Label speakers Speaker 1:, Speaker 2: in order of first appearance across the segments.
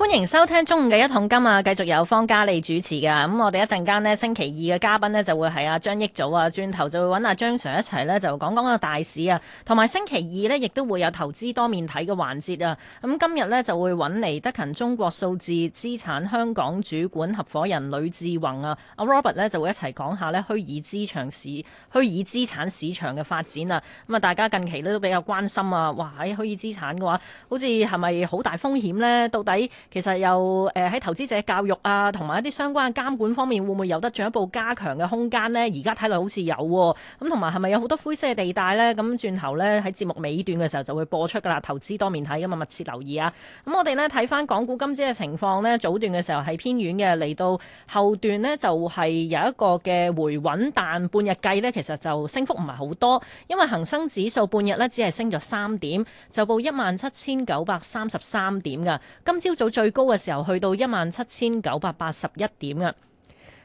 Speaker 1: 歡迎收聽中午嘅一桶金啊！繼續由方嘉利主持噶，咁、嗯、我哋一陣間呢，星期二嘅嘉賓呢，就會係阿張益祖啊，轉頭就會搵阿張 Sir 一齊呢，就講講個大市啊，同埋星期二呢，亦都會有投資多面睇嘅環節啊。咁、嗯、今日呢，就會搵嚟德勤中國數字資產香港主管合夥人呂志宏啊，阿 Robert 呢，就會一齊講一下呢虛擬資產市虛擬資產市場嘅發展啊。咁、嗯、啊，大家近期呢，都比較關心啊，哇喺虛擬資產嘅話，好似係咪好大風險呢？到底？其實又誒喺投資者教育啊，同埋一啲相關嘅監管方面，會唔會有得進一步加強嘅空間呢？而家睇落好似有喎、啊，咁同埋係咪有好多灰色嘅地帶呢？咁轉頭呢，喺節目尾段嘅時候就會播出㗎啦，投資多面睇咁啊，密切留意啊！咁我哋呢，睇翻港股今朝嘅情況呢。早段嘅時候係偏軟嘅，嚟到後段呢，就係、是、有一個嘅回穩，但半日計呢，其實就升幅唔係好多，因為恒生指數半日呢，只係升咗三點，就報一萬七千九百三十三點㗎。今朝早。最高嘅時候去到一萬七千九百八十一點呀，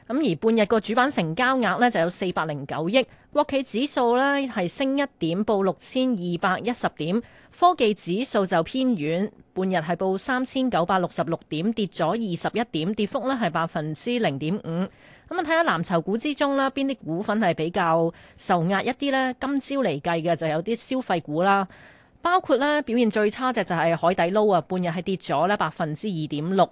Speaker 1: 咁而半日個主板成交額呢，就有四百零九億，國企指數呢，係升一點，報六千二百一十點，科技指數就偏軟，半日係報三千九百六十六點，跌咗二十一點，跌幅呢係百分之零點五。咁啊睇下藍籌股之中啦，邊啲股份係比較受壓一啲呢？今朝嚟計嘅就有啲消費股啦。包括咧表現最差隻就係海底撈啊，半日係跌咗咧百分之二點六，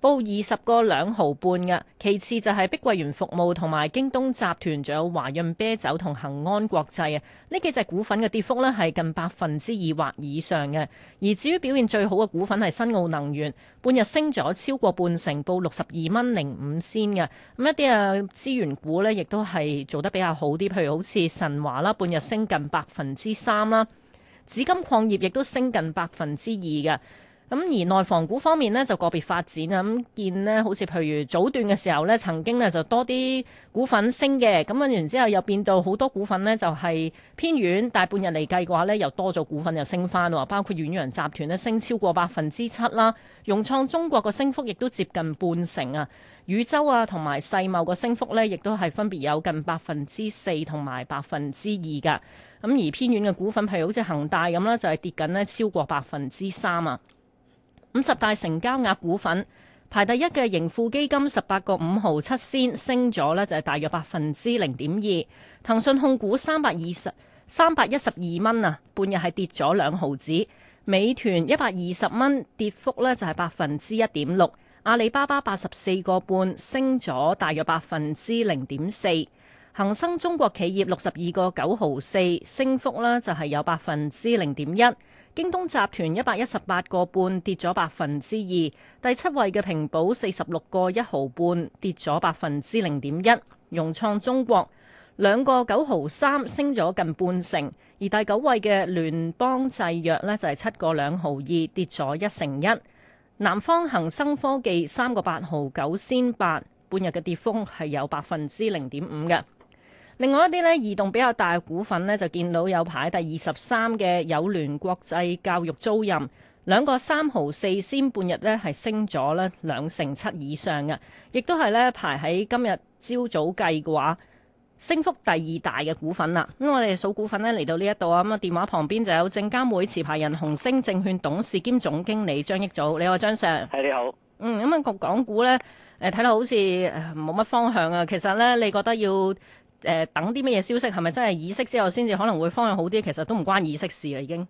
Speaker 1: 報二十個兩毫半㗎。其次就係碧桂園服務同埋京東集團，仲有華潤啤酒同恒安國際啊。呢幾隻股份嘅跌幅呢係近百分之二或以上嘅。而至於表現最好嘅股份係新奧能源，半日升咗超過半成，報六十二蚊零五仙嘅。咁一啲啊資源股呢，亦都係做得比較好啲，譬如好似神華啦，半日升近百分之三啦。紫金礦業亦都升近百分之二㗎。咁而內房股方面咧，就個別發展啊。咁見咧，好似譬如早段嘅時候咧，曾經咧就多啲股份升嘅。咁跟住然之後又變到好多股份咧，就係、是、偏遠大半日嚟計嘅話咧，又多咗股份又升翻，包括遠洋集團咧，升超過百分之七啦，融創中國嘅升幅亦都接近半成啊。禹洲啊同埋世茂嘅升幅呢，亦都係分別有近百分之四同埋百分之二噶。咁而偏遠嘅股份，譬如好似恒大咁啦，就係、是、跌緊咧超過百分之三啊。五十大成交額股份排第一嘅盈富基金十八個五毫七仙，升咗呢就係大約百分之零點二。騰訊控股三百二十三百一十二蚊啊，半日係跌咗兩毫子。美團一百二十蚊，跌幅呢，就係百分之一點六。阿里巴巴八十四個半，升咗大約百分之零點四。恒生中國企業六十二個九毫四，升幅呢，就係有百分之零點一。京東集團一百一十八個半跌咗百分之二，第七位嘅平保四十六個一毫半跌咗百分之零點一，融創中國兩個九毫三升咗近半成，而第九位嘅聯邦製藥呢就係七個兩毫二跌咗一成一，南方恒生科技三個八毫九先八半日嘅跌幅係有百分之零點五嘅。另外一啲呢，移動比較大嘅股份呢，就見到有排第二十三嘅友聯國際教育租賃兩個三毫四仙半日呢，係升咗呢兩成七以上嘅，亦都係呢，排喺今日朝早計嘅話，升幅第二大嘅股份啦。咁我哋數股份呢，嚟到呢一度啊，咁啊電話旁邊就有證監會持牌人紅星證券董事兼總經理張益祖，你好張 Sir，係、hey, 你好。嗯，咁啊講港股呢，誒睇落好似冇乜方向啊。其實呢，你覺得要？誒等啲咩嘢消息係咪真係意識之後先至可能會方向好啲？其實都唔關意識事啦，已經。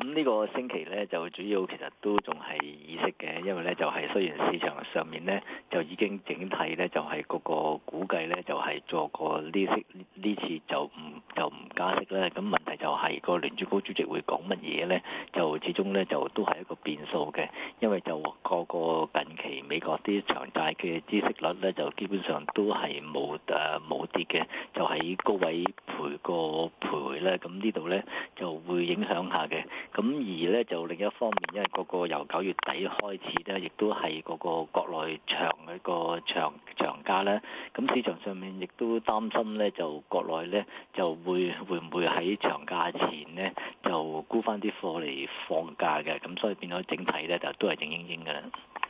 Speaker 2: 咁呢個星期咧，就主要其實都仲係議息嘅，因為咧就係、是、雖然市場上面咧就已經整體咧就係、是、嗰個估計咧就係作個啲息呢次就唔就唔加息啦。咁問題就係、是這個聯儲局主席會講乜嘢咧，就始終咧就都係一個變數嘅，因為就個個近期美國啲長債嘅孳息率咧就基本上都係冇誒冇跌嘅，就喺高位陪個徘徊咧。咁呢度咧就會影響下嘅。咁而咧就另一方面，因為個個由九月底開始咧，亦都係個個國內長嘅一個長長假咧，咁、那個、市場上面亦都擔心咧，就國內咧就會會唔會喺長假前咧就沽翻啲貨嚟放假嘅，咁所以變咗整體咧就都係靜英英㗎啦。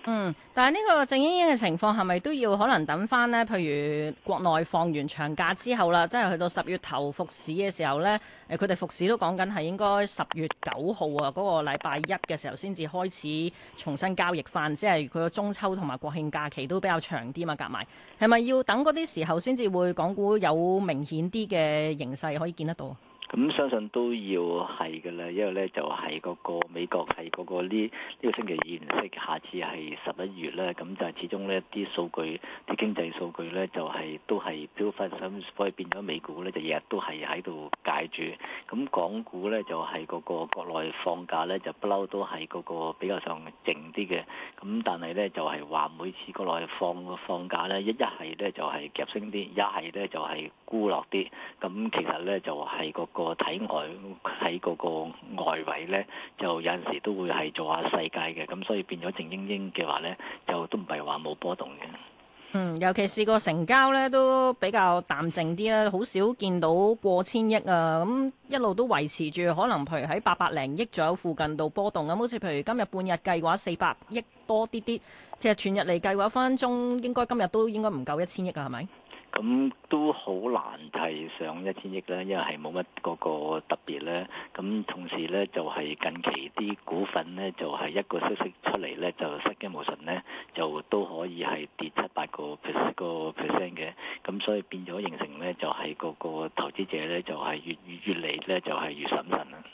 Speaker 1: 嗯，但係呢個鄭英英嘅情況係咪都要可能等翻咧？譬如國內放完長假之後啦，即係去到十月頭復市嘅時候咧，誒，佢哋復市都講緊係應該十月九號啊，嗰個禮拜一嘅時候先至開始重新交易翻，即係佢個中秋同埋國慶假期都比較長啲嘛，夾埋係咪要等嗰啲時候先至會港股有明顯啲嘅形勢可以見得到？
Speaker 2: 咁、嗯、相信都要係嘅啦，因為咧就係、是、嗰個美國係嗰、那個呢呢、這個星期二完息，下次係十一月咧，咁就係始終呢啲數據啲經濟數據咧就係、是、都係飚翻，咁所以變咗美股咧就日日都係喺度解住。咁港股咧就係、是、嗰、那個國內放假咧就不嬲都係嗰個比較上靜啲嘅。咁但係咧就係、是、話每次國內放個放假咧，一一係咧就係夾升啲，一係咧就係、是就是、沽落啲。咁其實咧就係、是那個。個體外喺嗰個外圍呢，就有陣時都會係做下世界嘅，咁所以變咗靜英英嘅話呢，就都唔係話冇波動嘅。嗯，
Speaker 1: 尤其是個成交呢，都比較淡靜啲啦，好少見到過千億啊。咁、嗯、一路都維持住，可能譬如喺八百零億左右附近度波動。咁好似譬如今日半日計嘅話，四百億多啲啲。其實全日嚟計嘅話，分分鐘應該今日都應該唔夠一千億啊，係咪？
Speaker 2: 咁都好難提上一千億啦，因為係冇乜嗰個特別咧。咁同時咧，就係、是、近期啲股份咧，就係、是、一個消息，息出嚟咧，就失驚無神咧，就都可以係跌七八個 percent percent 嘅。咁所以變咗形成咧，就係個個投資者咧，就係、是、越越嚟咧，就係越審慎啦。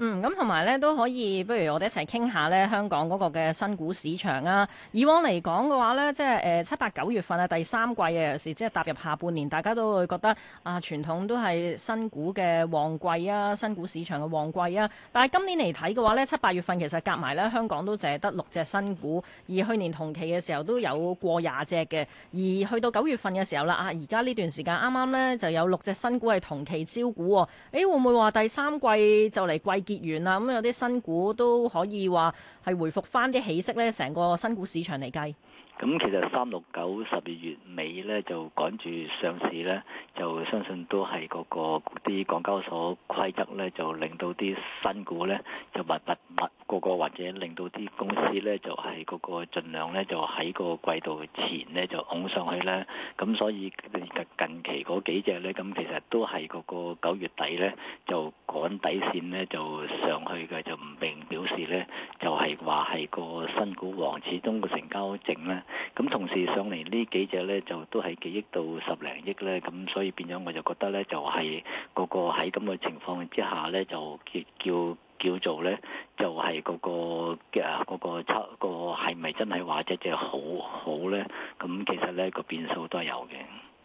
Speaker 1: 嗯，咁同埋咧都可以，不如我哋一齊傾下咧香港嗰個嘅新股市場啊！以往嚟講嘅話咧，即係誒七八九月份啊，第三季嘅、啊、有時即係踏入下半年，大家都會覺得啊，傳統都係新股嘅旺季啊，新股市場嘅旺季啊。但係今年嚟睇嘅話咧，七八月份其實夾埋咧，香港都淨係得六隻新股，而去年同期嘅時候都有過廿隻嘅。而去到九月份嘅時候啦，啊而家呢段時間啱啱咧就有六隻新股係同期招股喎、啊。誒、欸、會唔會話第三季就嚟季？結完啦，咁有啲新股都可以話係回覆翻啲起色咧，成個新股市場嚟計。
Speaker 2: 咁其實三六九十二月尾咧，就趕住上市咧，就相信都係嗰、嗰個啲港交所規則咧，就令到啲新股咧就密密密密。個個或者令到啲公司咧，就係個個盡量咧，就喺個季度前咧就拱上去啦。咁所以近期嗰幾隻咧，咁其實都係個個九月底咧就趕底線咧就上去嘅，就唔明表示咧就係話係個新股王，始終個成交整咧。咁同時上嚟呢幾隻咧就都係幾億到十零億咧。咁所以變咗我就覺得咧就係個個喺咁嘅情況之下咧就叫。叫叫做咧，就係嗰個嘅，嗰個出個係咪真係話隻隻好好咧？咁其實咧個變數都係有嘅。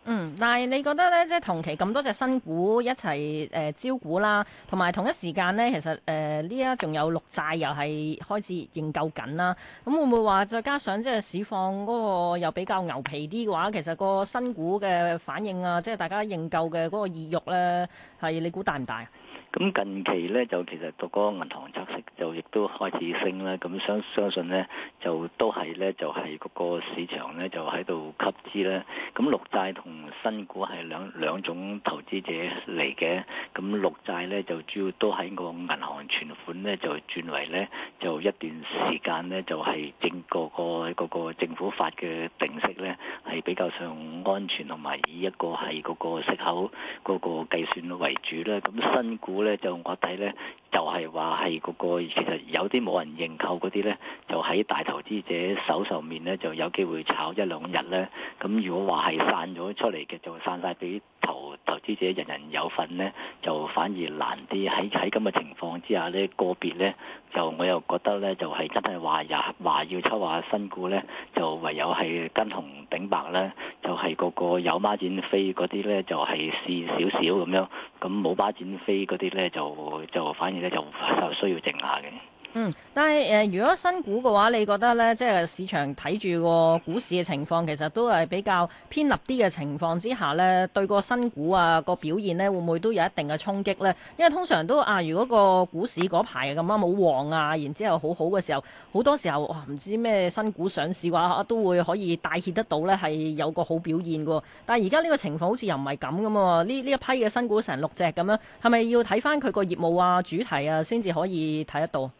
Speaker 2: 嗯，
Speaker 1: 但係你覺得咧，即係同期咁多隻新股一齊誒、呃、招股啦，同埋同一時間咧，其實誒呢一仲有綠債又係開始認購緊啦。咁會唔會話再加上即係市況嗰個又比較牛皮啲嘅話，其實個新股嘅反應啊，即係大家認購嘅嗰個意欲咧，係你估大唔大？
Speaker 2: 咁近期咧就其實個銀行拆息就亦都開始升啦，咁相相信咧就都係咧就係、是、個市場咧就喺度吸資啦，咁綠債同新股係兩兩種投資者嚟嘅，咁綠債咧就主要都喺個銀行存款咧就轉為咧就一段時間咧就係、是、整、那個個、嗰個政府發嘅定息咧係比較上安全同埋以，以一個係個息口個、嗰個計算為主啦。咁新股咧就我睇咧，就係話係嗰個其實有啲冇人認購嗰啲咧，就喺大投資者手上面咧就有機會炒一兩日咧。咁如果話係散咗出嚟嘅，就散晒俾投。投資者人人有份呢，就反而難啲。喺喺咁嘅情況之下呢，個別呢，就我又覺得呢，就係、是、真係話也話要抽下新股呢，就唯有係跟紅頂白呢，就係、是、個個有孖展飛嗰啲呢，就係、是、試少少咁樣，咁冇孖展飛嗰啲呢，就就反而呢，就就需要靜下嘅。
Speaker 1: 嗯，但係誒、呃，如果新股嘅話，你覺得呢？即係市場睇住個股市嘅情況，其實都係比較偏立啲嘅情況之下呢，對個新股啊個表現呢，會唔會都有一定嘅衝擊呢？因為通常都啊，如果個股市嗰排咁啱好旺啊，然之後好好嘅時候，好多時候哇，唔、啊、知咩新股上市嘅話，都會可以帶挈得到呢係有個好表現嘅。但係而家呢個情況好似又唔係咁噶嘛？呢呢一批嘅新股成六隻咁樣，係咪要睇翻佢個業務啊、主題啊，先至可以睇得到？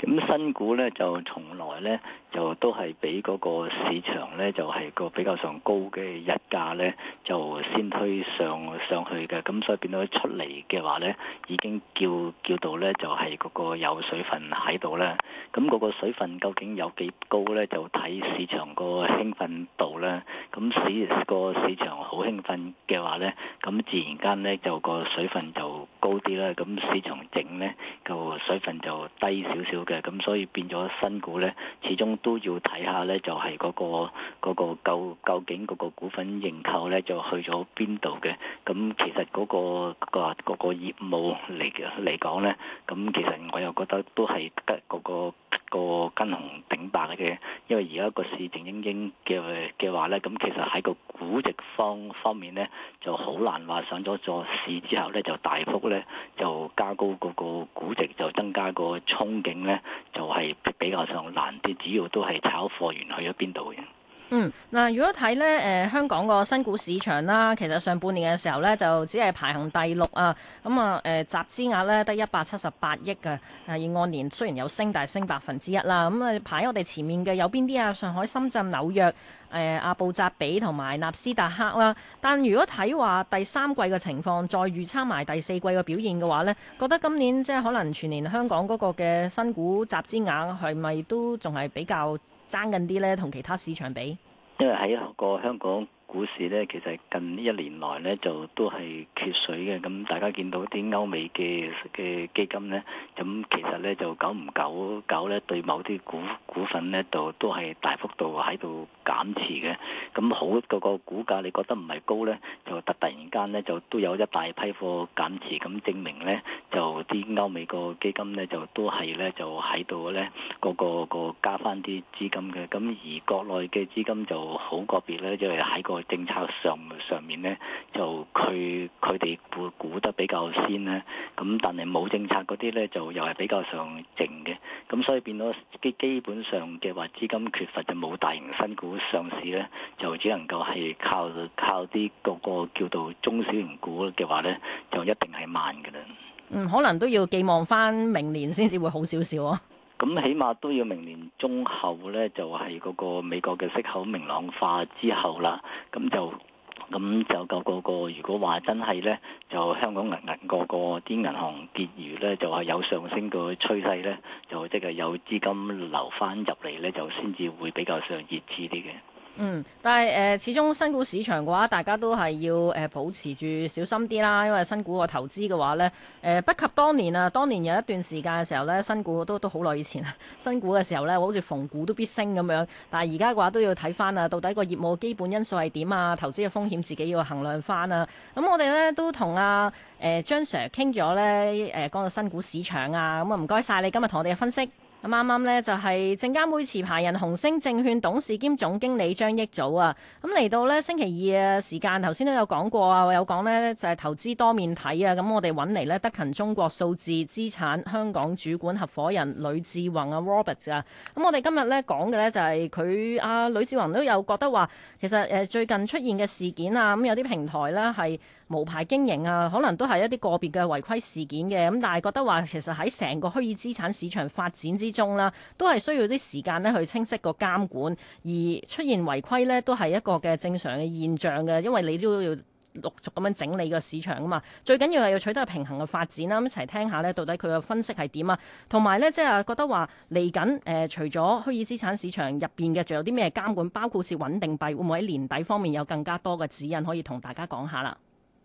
Speaker 2: 咁新股咧就從來咧。就都係俾嗰個市場咧，就係個比較上高嘅日價咧，就先推上上去嘅。咁所以變到出嚟嘅話咧，已經叫叫到咧，就係嗰個有水分喺度啦。咁嗰個水分究竟有幾高咧？就睇市場個興奮度啦。咁市個市場好興奮嘅話咧，咁自然間咧就個水分就高啲啦。咁市場整咧個水分就低少少嘅。咁所以變咗新股咧，始終。都要睇下咧，就係嗰個嗰個究究竟嗰個股份認購咧，就去咗邊度嘅？咁其實嗰個嗰個業務嚟嚟講咧，咁其實我又覺得都係得嗰個。個跟紅頂白嘅，因為而家個市正正正嘅嘅話咧，咁其實喺個估值方方面咧就好難話，上咗座市之後咧就大幅咧就加高嗰個估值，就增加個憧憬咧，就係、是、比較上難啲，主要都係炒貨源去咗邊度嘅。嗯，
Speaker 1: 嗱，如果睇咧，誒、呃、香港個新股市場啦，其實上半年嘅時候呢，就只係排行第六啊，咁、呃、啊，誒集資額呢，得一百七十八億啊，係按年雖然有升，但係升百分之一啦。咁啊，排我哋前面嘅有邊啲啊？上海、深圳、紐約、誒、呃、阿布扎比同埋納斯達克啦、啊。但如果睇話第三季嘅情況，再預測埋第四季嘅表現嘅話呢，覺得今年即係可能全年香港嗰個嘅新股集資額係咪都仲係比較？爭緊啲呢，同其他市場比，
Speaker 2: 因為喺個香港股市咧，其實近一年來咧，就都係缺水嘅。咁大家見到啲歐美嘅嘅基金咧，咁其實咧就久唔久久咧，對某啲股股份咧，就都係大幅度喺度減持嘅。咁好個嗰個股價你覺得唔係高咧，就突突然間咧，就都有一大批貨減持，咁證明咧就啲歐美個基金咧，就都係咧就喺度咧個個個加翻啲資金嘅。咁而國內嘅資金就好個別咧，就係、是、喺個。政策上上面咧，就佢佢哋估估得比較先咧。咁但係冇政策嗰啲咧，就又係比較上靜嘅。咁所以變咗基基本上嘅話，資金缺乏，就冇大型新股上市咧，就只能夠係靠靠啲嗰個叫做中小型股嘅話咧，就一定係慢㗎喇。嗯，
Speaker 1: 可能都要寄望返明年先至會好少少啊。
Speaker 2: 咁起碼都要明年中後呢，就係嗰個美國嘅息口明朗化之後啦，咁就咁就夠嗰個。如果話真係呢，就香港銀銀嗰個啲銀行結餘呢，就話有上升嘅趨勢呢，就即係有資金流翻入嚟呢，就先至會比較上熱刺啲嘅。嗯，
Speaker 1: 但係誒、呃，始終新股市場嘅話，大家都係要誒、呃、保持住小心啲啦。因為新股個投資嘅話咧，誒、呃、不及當年啊，當年有一段時間嘅時候咧，新股都都好耐以前啊，新股嘅時候咧，好似逢股都必升咁樣。但係而家嘅話都要睇翻啊，到底個業務基本因素係點啊？投資嘅風險自己要衡量翻啊。咁、嗯、我哋咧都同阿誒張 Sir 傾咗咧，誒講到新股市場啊，咁啊唔該晒你今日同我哋嘅分析。啱啱咧就係證監會持牌人紅星證券董事兼總經理張益祖啊，咁嚟到咧星期二嘅時間，頭先都有講過啊，有講咧就係投資多面睇啊。咁我哋揾嚟咧德勤中國數字資產香港主管合伙人呂志宏啊 Robert 啊，咁我哋今日咧講嘅咧就係佢啊，呂志宏都有覺得話其實誒最近出現嘅事件啊，咁有啲平台咧係。無牌經營啊，可能都係一啲個別嘅違規事件嘅。咁，但係覺得話其實喺成個虛擬資產市場發展之中啦，都係需要啲時間咧去清晰個監管，而出現違規咧都係一個嘅正常嘅現象嘅，因為你都要陸續咁樣整理個市場啊嘛。最緊要係要取得平衡嘅發展啦。咁一齊聽一下咧，到底佢嘅分析係點啊？同埋咧，即係覺得話嚟緊誒，除咗虛擬資產市場入邊嘅，仲有啲咩監管，包括係穩定幣，會唔會喺年底方面有更加多嘅指引可以同大家講下啦？